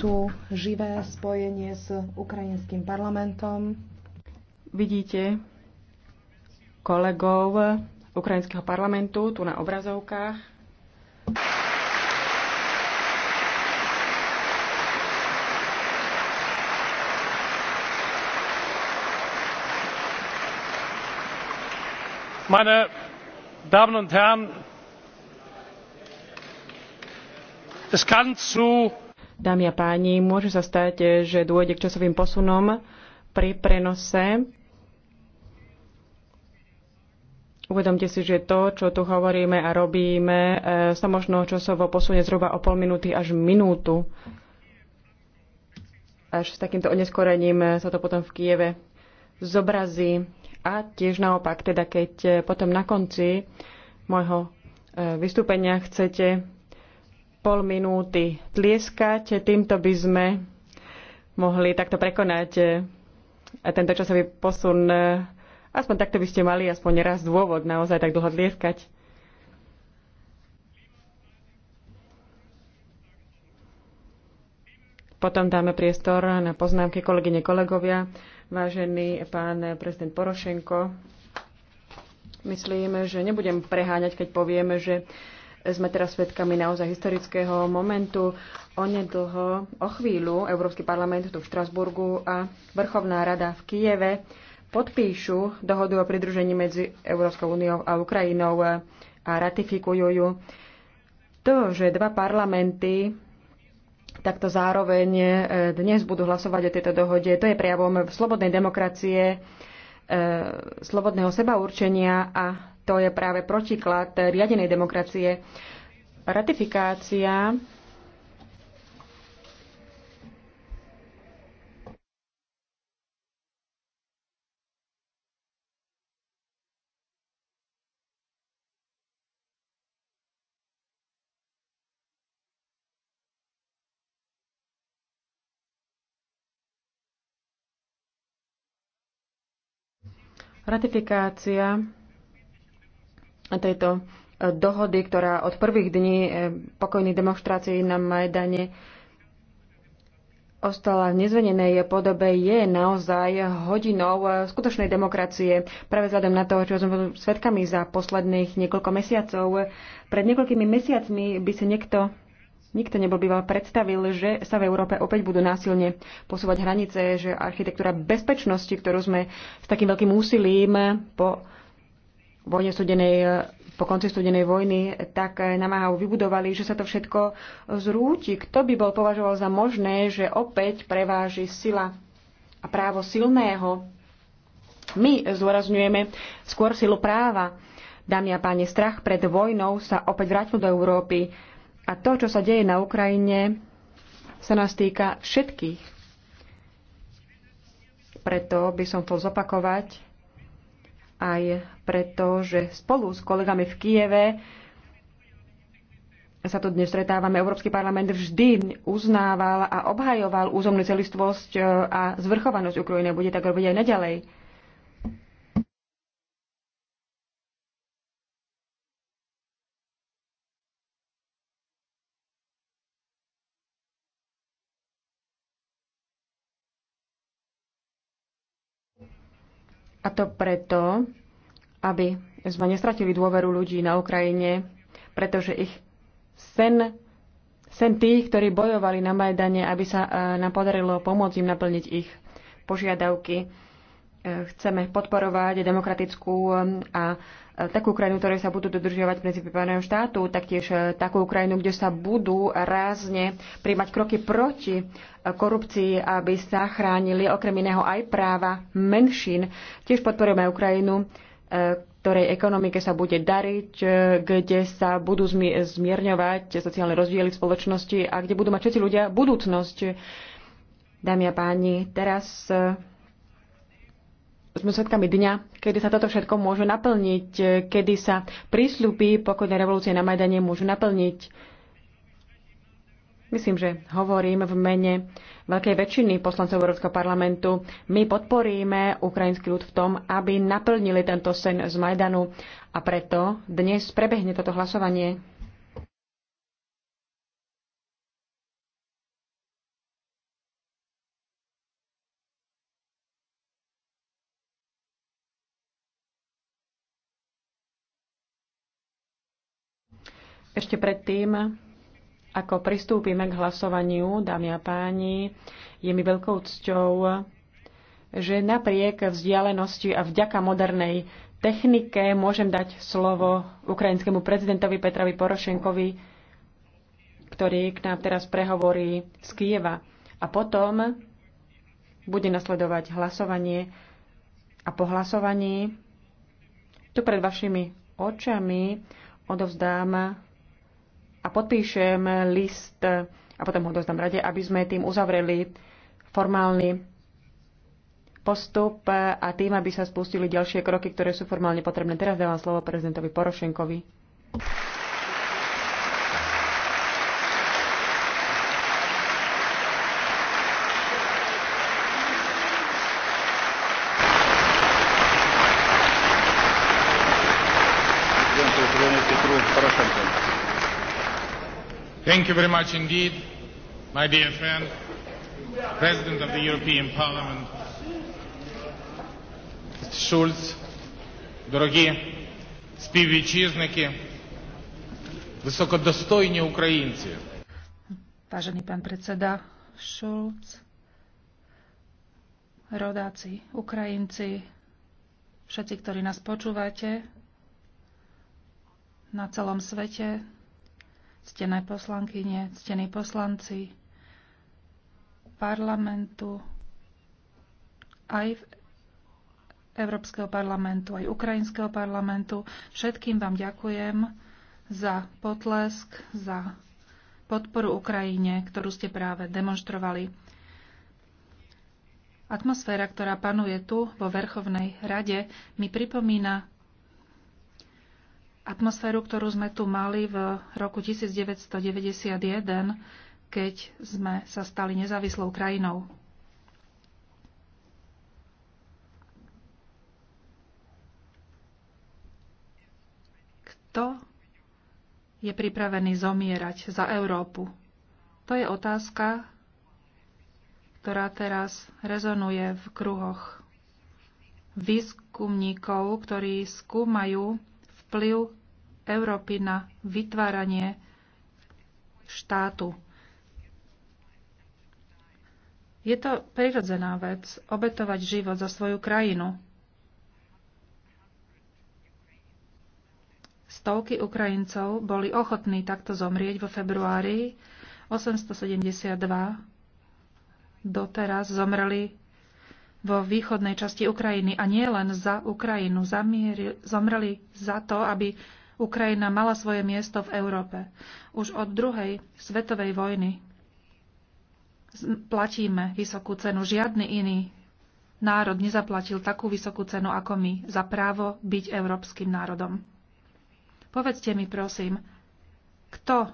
tu živé spojenie s ukrajinským parlamentom. Vidíte kolegov ukrajinského parlamentu tu na obrazovkách. Meine Damen und Herren, es kann zu Dámy a páni, môže sa stať, že dôjde k časovým posunom pri prenose. Uvedomte si, že to, čo tu hovoríme a robíme, e, sa možno časovo posunie zhruba o pol minúty až minútu. Až s takýmto oneskorením sa to potom v Kieve zobrazí. A tiež naopak, teda keď potom na konci môjho e, vystúpenia chcete pol minúty tlieskať. Týmto by sme mohli takto prekonať eh, tento časový posun. Eh, aspoň takto by ste mali aspoň raz dôvod naozaj tak dlho tlieskať. Potom dáme priestor na poznámky kolegyne kolegovia. Vážený pán prezident Porošenko, Myslím, že nebudem preháňať, keď povieme, že sme teraz svedkami naozaj historického momentu. Onedlho, o chvíľu, Európsky parlament tu v Štrasburgu a Vrchovná rada v Kieve podpíšu dohodu o pridružení medzi Európskou úniou a Ukrajinou a ratifikujú ju. To, že dva parlamenty takto zároveň e, dnes budú hlasovať o tejto dohode, to je prejavom slobodnej demokracie, e, slobodného sebaurčenia a to je práve protiklad riadenej demokracie. Ratifikácia Ratifikácia tejto e, dohody, ktorá od prvých dní e, pokojných demonstrácií na Majdane ostala v nezvenenej podobe, je naozaj hodinou e, skutočnej demokracie. Práve vzhľadom na to, čo sme svedkami za posledných niekoľko mesiacov. Pred niekoľkými mesiacmi by si niekto Nikto nebol býval predstavil, že sa v Európe opäť budú násilne posúvať hranice, že architektúra bezpečnosti, ktorú sme s takým veľkým úsilím po vojne studenej, eh, po konci studenej vojny tak eh, namáhavo vybudovali, že sa to všetko zrúti. Kto by bol považoval za možné, že opäť preváži sila a právo silného? My zdôrazňujeme skôr silu práva. Dámy a páni, strach pred vojnou sa opäť vrátil do Európy a to, čo sa deje na Ukrajine, sa nás týka všetkých. Preto by som chcel zopakovať aj preto, že spolu s kolegami v Kieve sa tu dnes stretávame. Európsky parlament vždy uznával a obhajoval územnú celistvosť e, a zvrchovanosť Ukrajiny. Bude tak robiť aj naďalej. A to preto, aby sme nestratili dôveru ľudí na Ukrajine, pretože ich sen, sen tých, ktorí bojovali na Majdane, aby sa e, nám podarilo pomôcť im naplniť ich požiadavky chceme podporovať demokratickú eh, a eh, takú krajinu, ktoré sa budú dodržiavať princípy právneho štátu, taktiež eh, takú krajinu, kde sa budú rázne príjmať kroky proti korupcii, aby sa chránili okrem iného aj práva menšín. Tiež podporujeme Ukrajinu, ktorej ekonomike sa bude dariť, kde sa budú zmierňovať sociálne rozdiely v spoločnosti a kde budú mať všetci ľudia budúcnosť. Dámy a páni, teraz sme svetkami dňa, kedy sa toto všetko môže naplniť, eh, kedy sa prísľuby pokojnej revolúcie na Majdane môžu naplniť. Myslím, že hovorím v mene veľkej väčšiny poslancov Európskeho parlamentu. My podporíme ukrajinský ľud v tom, aby naplnili tento sen z Majdanu a preto dnes prebehne toto hlasovanie. Ešte predtým, ako pristúpime k hlasovaniu, dámy a páni, je mi veľkou cťou, že napriek vzdialenosti a vďaka modernej technike môžem dať slovo ukrajinskému prezidentovi Petrovi Porošenkovi, ktorý k nám teraz prehovorí z Kieva. A potom bude nasledovať hlasovanie a po hlasovaní tu pred vašimi očami odovzdám a podpíšem list a potom ho dostám rade, aby sme tým uzavreli formálny postup a tým, aby sa spustili ďalšie kroky, ktoré sú formálne potrebné. Teraz dávam slovo prezidentovi Porošenkovi. Porošenkovi. Thank you very much indeed, my dear friend, President of the European Parliament, Шульц, дорогі співвітчизники, високодостойні українці. Vážený pán predseda Šulc, rodáci, Ukrajinci, všetci, ktorí nás počúvate na celom svete, ctené poslankyne, ctení poslanci parlamentu, aj v Európskeho parlamentu, aj Ukrajinského parlamentu. Všetkým vám ďakujem za potlesk, za podporu Ukrajine, ktorú ste práve demonstrovali. Atmosféra, ktorá panuje tu vo Verchovnej rade, mi pripomína atmosféru, ktorú sme tu mali v roku 1991, keď sme sa stali nezávislou krajinou. Kto je pripravený zomierať za Európu? To je otázka, ktorá teraz rezonuje v kruhoch výskumníkov, ktorí skúmajú vplyv Európy na vytváranie štátu. Je to prirodzená vec obetovať život za svoju krajinu. Stovky Ukrajincov boli ochotní takto zomrieť vo februári 872. Doteraz zomreli vo východnej časti Ukrajiny a nie len za Ukrajinu. Zamieri, zomreli za to, aby Ukrajina mala svoje miesto v Európe. Už od druhej svetovej vojny platíme vysokú cenu. Žiadny iný národ nezaplatil takú vysokú cenu ako my za právo byť európskym národom. Povedzte mi prosím, kto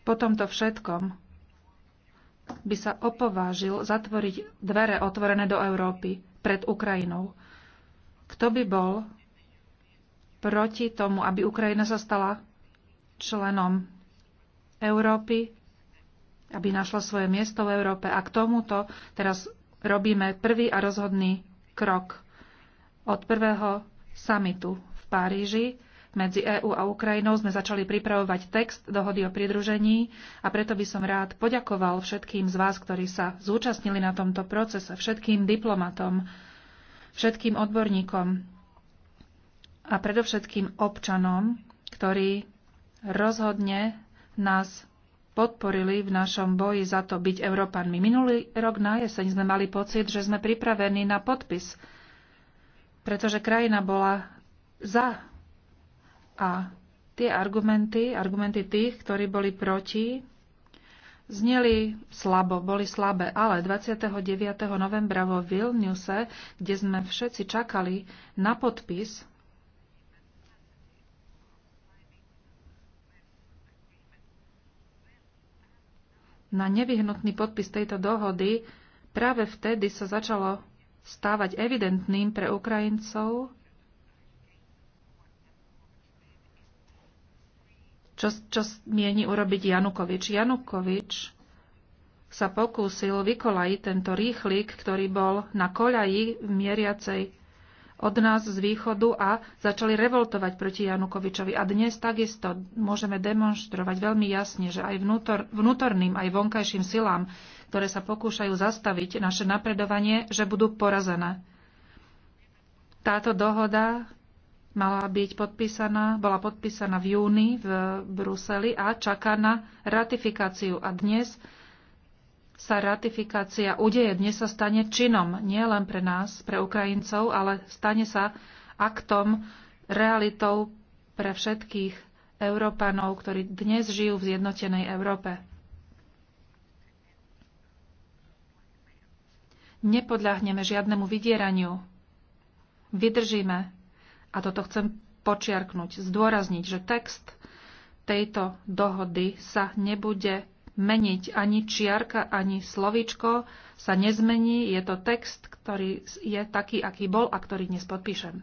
po tomto všetkom by sa opovážil zatvoriť dvere otvorené do Európy pred Ukrajinou? Kto by bol proti tomu, aby Ukrajina sa stala členom Európy, aby našla svoje miesto v Európe. A k tomuto teraz robíme prvý a rozhodný krok od prvého samitu v Paríži medzi EÚ a Ukrajinou sme začali pripravovať text dohody o pridružení a preto by som rád poďakoval všetkým z vás, ktorí sa zúčastnili na tomto procese, všetkým diplomatom, všetkým odborníkom, a predovšetkým občanom, ktorí rozhodne nás podporili v našom boji za to byť Európanmi. Minulý rok na jeseň sme mali pocit, že sme pripravení na podpis, pretože krajina bola za. A tie argumenty, argumenty tých, ktorí boli proti, zneli slabo, boli slabé, ale 29. novembra vo Vilniuse, kde sme všetci čakali na podpis na nevyhnutný podpis tejto dohody, práve vtedy sa začalo stávať evidentným pre Ukrajincov, čo, čo mieni urobiť Janukovič. Janukovič sa pokúsil vykolajiť tento rýchlik, ktorý bol na koľaji v mieriacej od nás z východu a začali revoltovať proti Janukovičovi. A dnes takisto môžeme demonstrovať veľmi jasne, že aj vnútor, vnútorným, aj vonkajším silám, ktoré sa pokúšajú zastaviť naše napredovanie, že budú porazené. Táto dohoda mala byť podpísaná, bola podpísaná v júni v Bruseli a čaká na ratifikáciu. A dnes sa ratifikácia udeje, dnes sa stane činom, nie len pre nás, pre Ukrajincov, ale stane sa aktom, realitou pre všetkých Európanov, ktorí dnes žijú v zjednotenej Európe. Nepodľahneme žiadnemu vydieraniu. Vydržíme. A toto chcem počiarknúť, zdôrazniť, že text tejto dohody sa nebude meniť. Ani čiarka, ani slovičko sa nezmení. Je to text, ktorý je taký, aký bol a ktorý dnes podpíšem.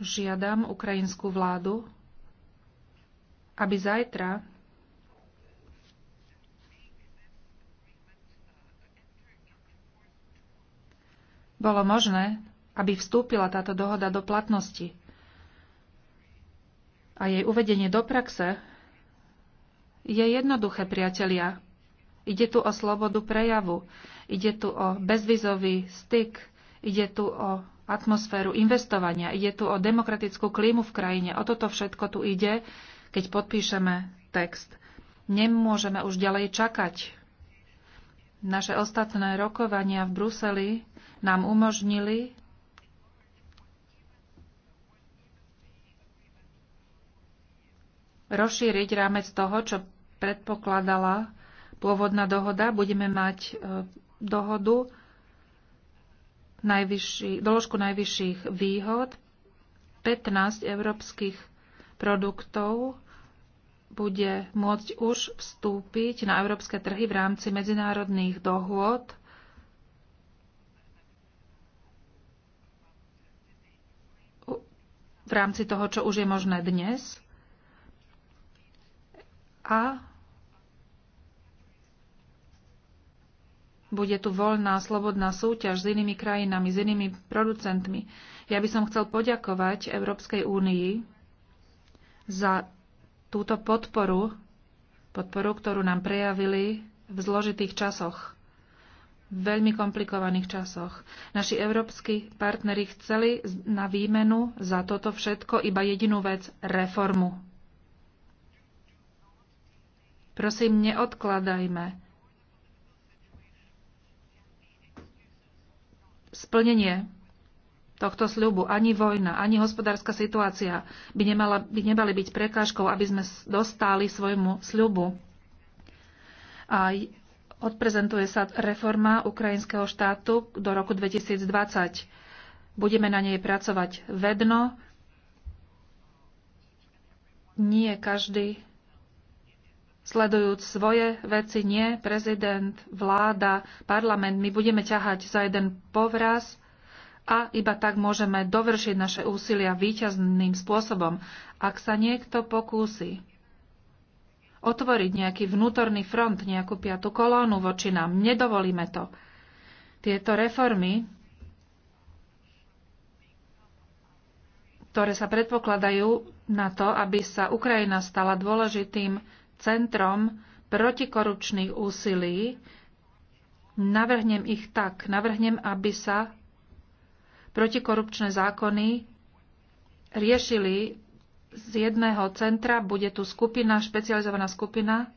Žiadam ukrajinskú vládu, aby zajtra bolo možné, aby vstúpila táto dohoda do platnosti a jej uvedenie do praxe je jednoduché, priatelia. Ide tu o slobodu prejavu, ide tu o bezvizový styk, ide tu o atmosféru investovania, ide tu o demokratickú klímu v krajine. O toto všetko tu ide, keď podpíšeme text. Nemôžeme už ďalej čakať. Naše ostatné rokovania v Bruseli nám umožnili rozšíriť rámec toho, čo predpokladala pôvodná dohoda. Budeme mať e, dohodu, najvyšší, doložku najvyšších výhod, 15 európskych produktov bude môcť už vstúpiť na európske trhy v rámci medzinárodných dohôd. v rámci toho, čo už je možné dnes a bude tu voľná, slobodná súťaž s inými krajinami, s inými producentmi. Ja by som chcel poďakovať Európskej únii za túto podporu, podporu, ktorú nám prejavili v zložitých časoch, v veľmi komplikovaných časoch. Naši európsky partneri chceli na výmenu za toto všetko iba jedinú vec reformu Prosím, neodkladajme splnenie tohto sľubu. Ani vojna, ani hospodárska situácia by, nemala, by nemali byť prekážkou, aby sme dostali svojmu sľubu. A odprezentuje sa reforma ukrajinského štátu do roku 2020. Budeme na nej pracovať vedno. Nie každý sledujúc svoje veci, nie prezident, vláda, parlament. My budeme ťahať za jeden povraz a iba tak môžeme dovršiť naše úsilia výťazným spôsobom. Ak sa niekto pokúsi otvoriť nejaký vnútorný front, nejakú piatu kolónu voči nám, nedovolíme to. Tieto reformy, ktoré sa predpokladajú na to, aby sa Ukrajina stala dôležitým centrom protikorupčných úsilí. Navrhnem ich tak. Navrhnem, aby sa protikorupčné zákony riešili z jedného centra. Bude tu skupina, špecializovaná skupina,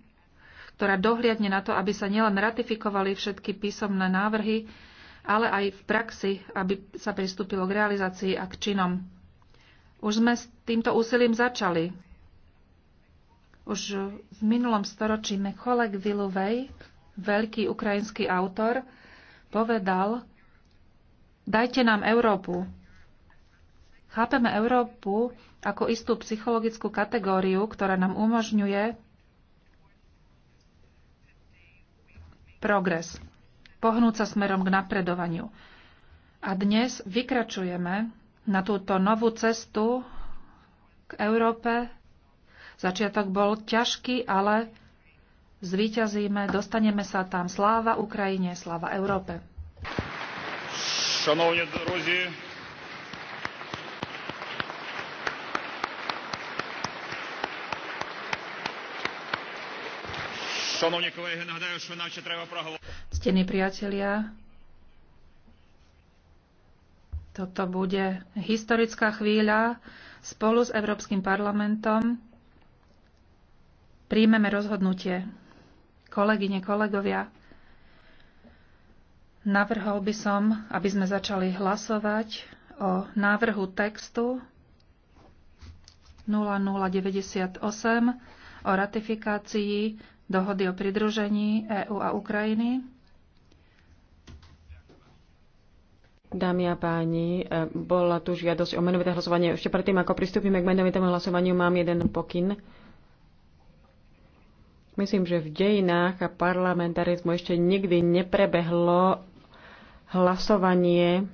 ktorá dohliadne na to, aby sa nielen ratifikovali všetky písomné návrhy, ale aj v praxi, aby sa pristúpilo k realizácii a k činom. Už sme s týmto úsilím začali. Už v minulom storočí Mekolek Viluvej, veľký ukrajinský autor, povedal, dajte nám Európu. Chápeme Európu ako istú psychologickú kategóriu, ktorá nám umožňuje progres, pohnúť sa smerom k napredovaniu. A dnes vykračujeme na túto novú cestu k Európe, Začiatok bol ťažký, ale zvíťazíme, dostaneme sa tam. Sláva Ukrajine, sláva Európe. Шановні друзі, шановні колеги, нагадаю, що треба Стіни toto bude historická chvíľa spolu s Európskym parlamentom príjmeme rozhodnutie. Kolegyne, kolegovia, navrhol by som, aby sme začali hlasovať o návrhu textu 0098 o ratifikácii dohody o pridružení EÚ a Ukrajiny. Dámy a páni, e, bola tu žiadosť o menovité hlasovanie. Ešte predtým, ako pristúpime k menovitému hlasovaniu, mám jeden pokyn. Myslím, že v dejinách a parlamentarizmu ešte nikdy neprebehlo hlasovanie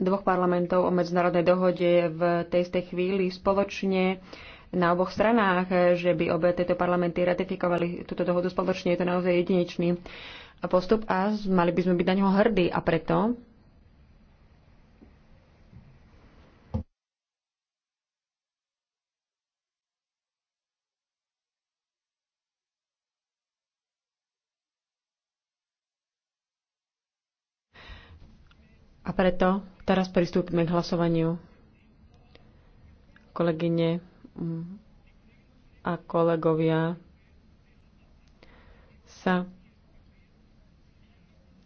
dvoch parlamentov o medzinárodnej dohode v tej istej chvíli spoločne na oboch stranách, že by obe tieto parlamenty ratifikovali túto dohodu spoločne. Je to naozaj jedinečný postup a mali by sme byť na ňo hrdí. A preto A preto teraz pristúpime k hlasovaniu. Kolegyne mm, a kolegovia sa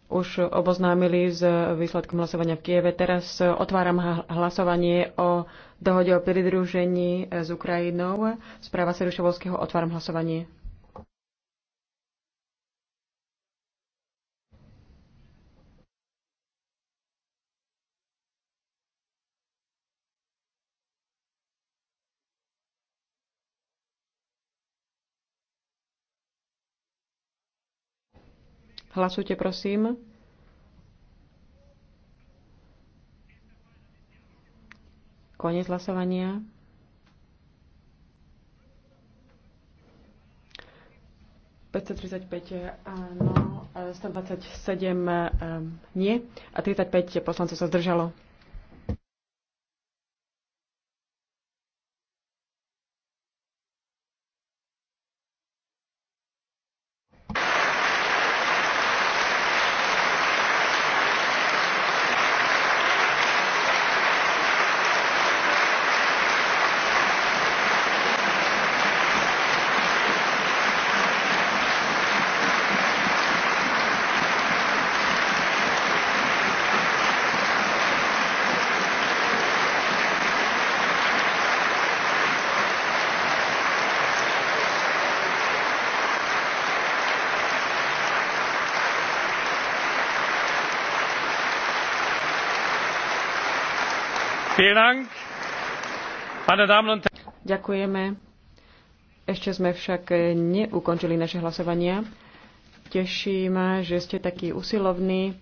už oboznámili s výsledkom hlasovania v Kieve. Teraz otváram hlasovanie o dohode o pridružení s Ukrajinou. Správa Serušovského otváram hlasovanie. Hlasujte, prosím. Koniec hlasovania. Eh, áno, 127 eh, eh, nie a 35 poslancov sa zdržalo. Ďakujeme. Ešte sme však neukončili naše hlasovania. Teší ma, že ste takí usilovní.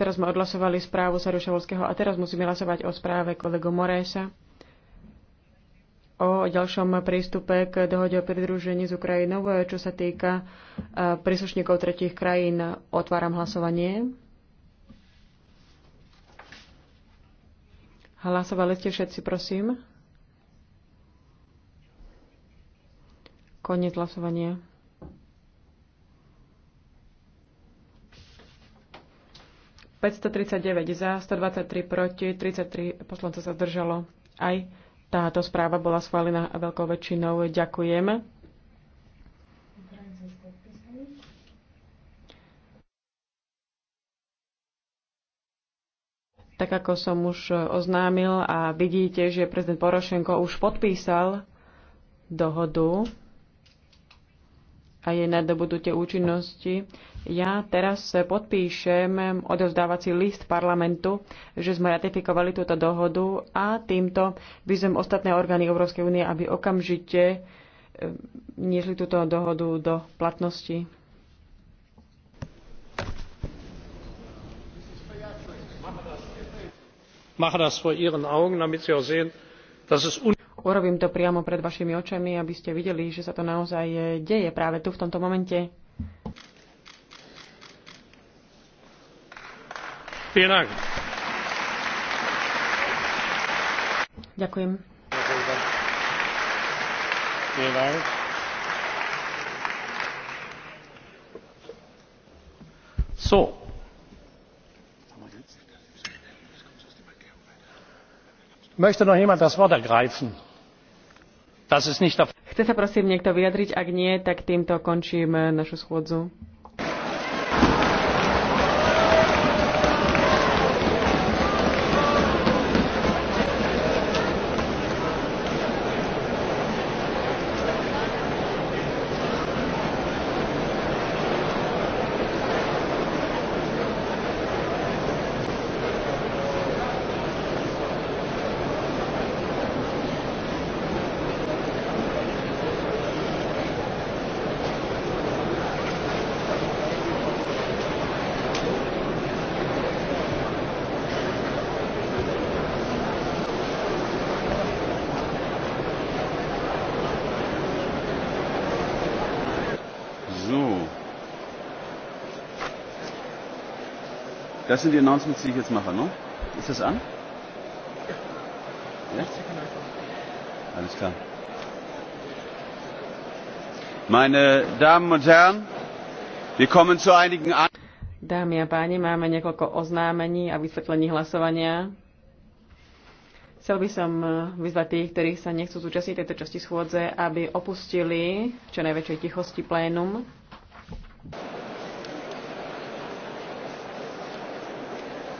Teraz sme odhlasovali správu Sarušovolského a teraz musíme hlasovať o správe kolegu Moresa o ďalšom prístupe k dohode o pridružení s Ukrajinou, čo sa týka eh, príslušníkov tretich krajín. Otváram hlasovanie. Hlasovali ste všetci, prosím. Koniec hlasovania. ...539 za, 123 proti, 33 poslanca sa zdržalo. Aj táto správa bola schválená veľkou väčšinou. Ďakujem. tak ako som už e, oznámil a vidíte, že prezident Porošenko už podpísal dohodu a je na dobudutie účinnosti. Ja teraz podpíšem odovzdávací list parlamentu, že sme ratifikovali túto dohodu a týmto vyzvem ostatné orgány Európskej únie, aby okamžite e, niesli túto dohodu do platnosti. Urobím to priamo pred vašimi očami, aby ste videli, že sa to naozaj eh, deje práve tu v tomto momente. Ďakujem. Möchte noch jemand das Wort ergreifen? Das ist nicht der Fall. Chce sa prosím niekto vyjadriť? Ak nie, tak týmto končím eh, našu schôdzu. Das sind die Announcements, die ich jetzt mache, ne? Ist das an? Ja? Alles klar. Meine Damen und Herren, wir kommen zu einigen An Dámy a páni, máme niekoľko oznámení a vysvetlení hlasovania. Chcel by som e, vyzvať tých, ktorí sa nechcú zúčastniť tejto časti schôdze, aby opustili v čo najväčšej tichosti plénum.